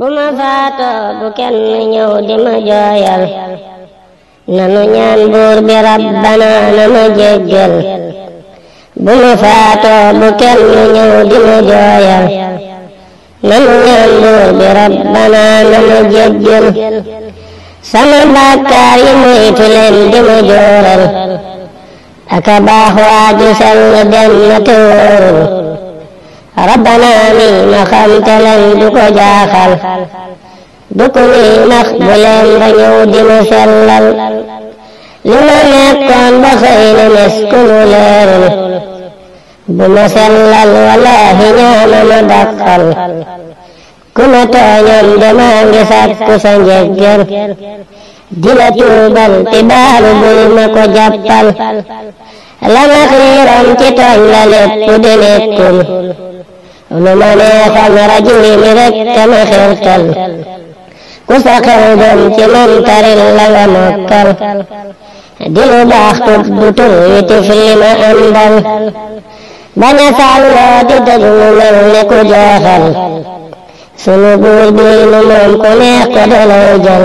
bu ma faatoo bu kenn ñëw di ma jooyal nanu ñaan buur bi rabbana na ma jéggal bu ma faatoo bu kenn ñëw di ma jooyal nanu ñaan buur bi rabbana na ma jéggal sama bàkkaar yi moytu leen di ma jooral aka baax waaju sell dem na te wóorul Rabbana mi makam talan duko jahal Duko mi makbulan banyu di masyallal Lima nyakkan bakhayna meskulu lalul Di masyallal walahi nyana madakkal Kuma tanyan damang jasad kusan jajjar Dila tuban tibalu bulma Lama khiram kita lalik kudilikul ومن يخذ رجلي مذك مخركل كسكل دمت منتر لو مكل دل باخت بطر يتفلي ما أنبل بنا فعلنا تتجل ملك جاهل سنبور دين من كنا قد الأجل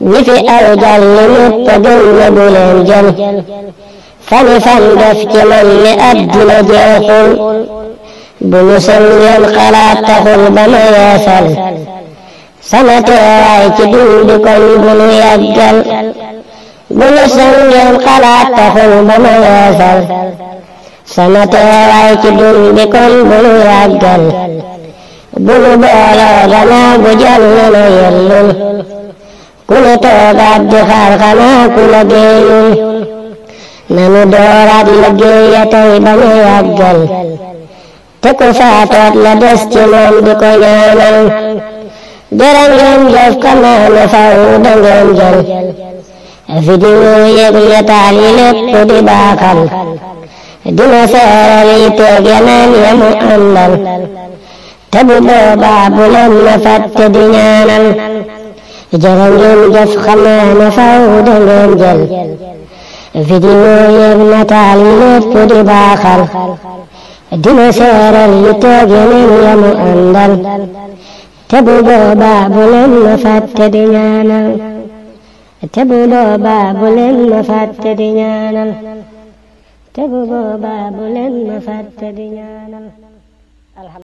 نفي أوجل لمتدل نبول أنجل فنفن دفت من لأبد نجاحل bu ñu soññoon xalaat taxul ba nu yeesal sama teewaay ci dund kon bu nu yàggal bu ñu soññoon ba nu yeesal sama teewaay ci dund kon bu nu yàggal bu nu booloo ganaa bu jël nanu di xaar xanaa ku la géeyul nanu dooraat liggéey ba nu yàggal te ku faatoot la des ci moom di ko ñaanal jërë ngeen jëf kanaanu faw da ngeen jël vidéo yeeg yetaal di baaxal dina seeral yi teeg yeneen ya boobaa bu leen na di ñaanal jërë ngeen jëf kanaanu faw da ngeen jël vidéo yeeg yetaal di baaxal ديناصور لتاج يم أندل تبدو باب لن فات ديانا تبدو باب لن فات ديانا تبدو باب لن فات ديانا